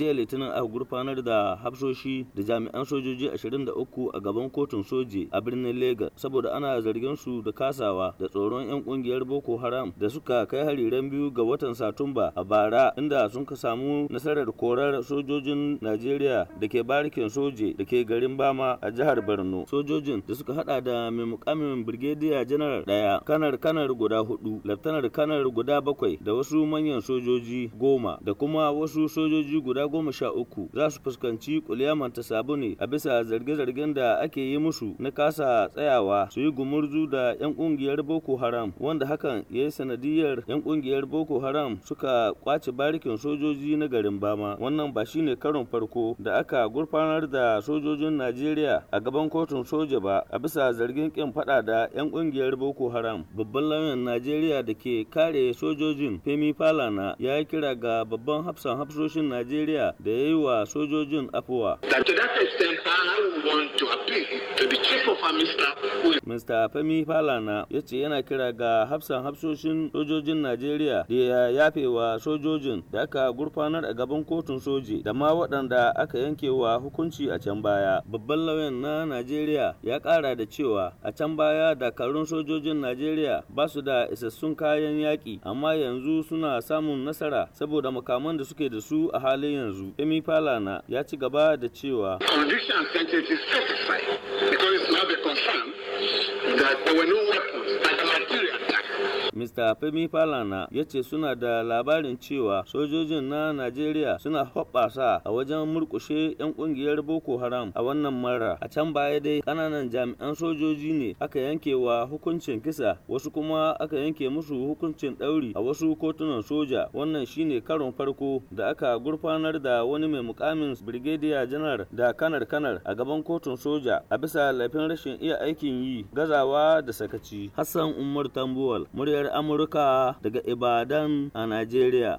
jiya litinin a gurfanar da hafsoshi da jami'an sojoji 23 a gaban kotun soji a birnin Legas, saboda ana zargin su da kasawa da tsoron 'yan kungiyar boko haram da suka kai hariran biyu ga watan satumba a bara inda sun ka samu nasarar korar sojojin najeriya da ke barikin soje da ke garin bama a jihar borno sojojin da suka hada da mai mukamin birgediya janar daya kanar kanar guda hudu laftanar kanar guda bakwai da wasu manyan sojoji goma da kuma wasu sojoji guda goma sha uku za su fuskanci kuliyaman ta ne. a bisa zarge-zargen da ake yi musu na kasa tsayawa su yi gumurzu da 'yan kungiyar Boko Haram wanda hakan ya yi sanadiyar 'yan kungiyar Boko Haram suka kwace barikin sojoji na garin Bama wannan ba shine karon farko da aka gurfanar da sojojin Najeriya a gaban kotun soja ba a bisa zargin kin fada da 'yan kungiyar Boko Haram babban lauyan Najeriya da ke kare sojojin Femi Falana ya kira ga babban hafsan hafsoshin Najeriya Najeriya da ya yi wa sojojin afuwa. mista Femi Falana ya ce yana kira ga hafsan hafsoshin sojojin Najeriya da ya yafe wa sojojin da aka gurfanar a gaban kotun soji da ma waɗanda aka yanke wa hukunci a can baya. Babban lauyan na Najeriya ya ƙara da cewa a can baya dakarun sojojin Najeriya ba su da isassun kayan yaƙi amma yanzu suna samun nasara saboda makaman da suke da su a halin yanzu Emi Falana ya ci gaba da cewa conditions and is satisfied because it's now been confirmed that there were no weapons Mr. Femi Falana ya ce suna da labarin cewa sojojin na Najeriya suna hoɓasa a wajen murkushe 'yan ƙungiyar Boko Haram a wannan mara. A can baya dai ƙananan jami'an sojoji ne aka yanke wa hukuncin kisa wasu kuma aka yanke musu hukuncin ɗauri a wasu kotunan soja wannan shine karon farko da aka gurfanar da wani mai mukamin birgediya janar da kanar kanar a gaban kotun soja a bisa laifin rashin iya aikin yi gazawa da sakaci. Hassan Umar Tambuwal muryar Amurka daga Ibadan a Najeriya.